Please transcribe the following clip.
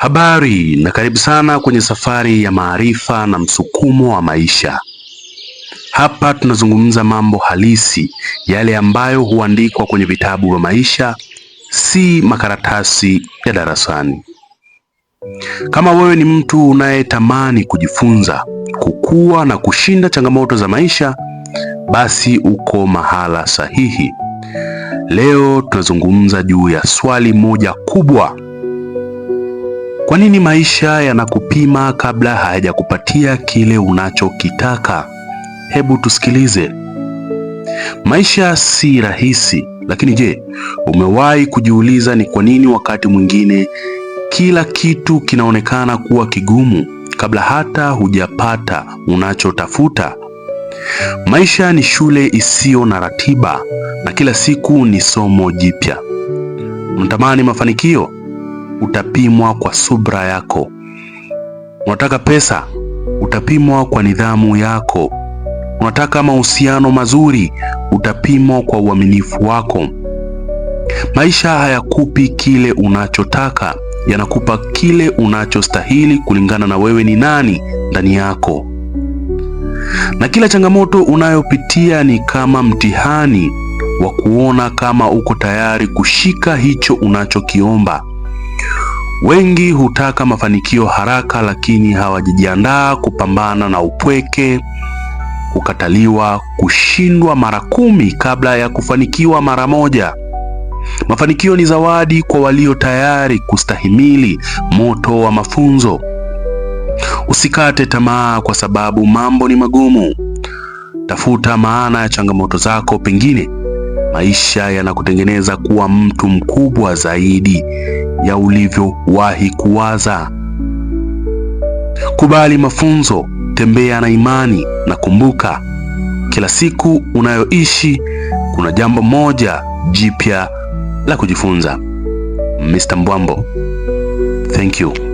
Habari na karibu sana kwenye safari ya maarifa na msukumo wa maisha. Hapa tunazungumza mambo halisi, yale ambayo huandikwa kwenye vitabu vya maisha, si makaratasi ya darasani. Kama wewe ni mtu unayetamani kujifunza, kukua na kushinda changamoto za maisha, basi uko mahala sahihi. Leo tunazungumza juu ya swali moja kubwa kwa nini maisha yanakupima kabla hayajakupatia kile unachokitaka? Hebu tusikilize. Maisha si rahisi, lakini je, umewahi kujiuliza ni kwa nini wakati mwingine kila kitu kinaonekana kuwa kigumu kabla hata hujapata unachotafuta? Maisha ni shule isiyo na ratiba na kila siku ni somo jipya. Mtamani mafanikio? utapimwa kwa subra yako. Unataka pesa, utapimwa kwa nidhamu yako. Unataka mahusiano mazuri, utapimwa kwa uaminifu wako. Maisha hayakupi kile unachotaka, yanakupa kile unachostahili kulingana na wewe ni nani ndani yako. Na kila changamoto unayopitia ni kama mtihani wa kuona kama uko tayari kushika hicho unachokiomba. Wengi hutaka mafanikio haraka, lakini hawajajiandaa kupambana na upweke, kukataliwa, kushindwa mara kumi kabla ya kufanikiwa mara moja. Mafanikio ni zawadi kwa walio tayari kustahimili moto wa mafunzo. Usikate tamaa kwa sababu mambo ni magumu. Tafuta maana ya changamoto zako, pengine maisha yanakutengeneza kuwa mtu mkubwa zaidi ya ulivyowahi kuwaza. Kubali mafunzo, tembea na imani, na kumbuka kila siku unayoishi kuna jambo moja jipya la kujifunza. Mr. Mbwambo, thank you.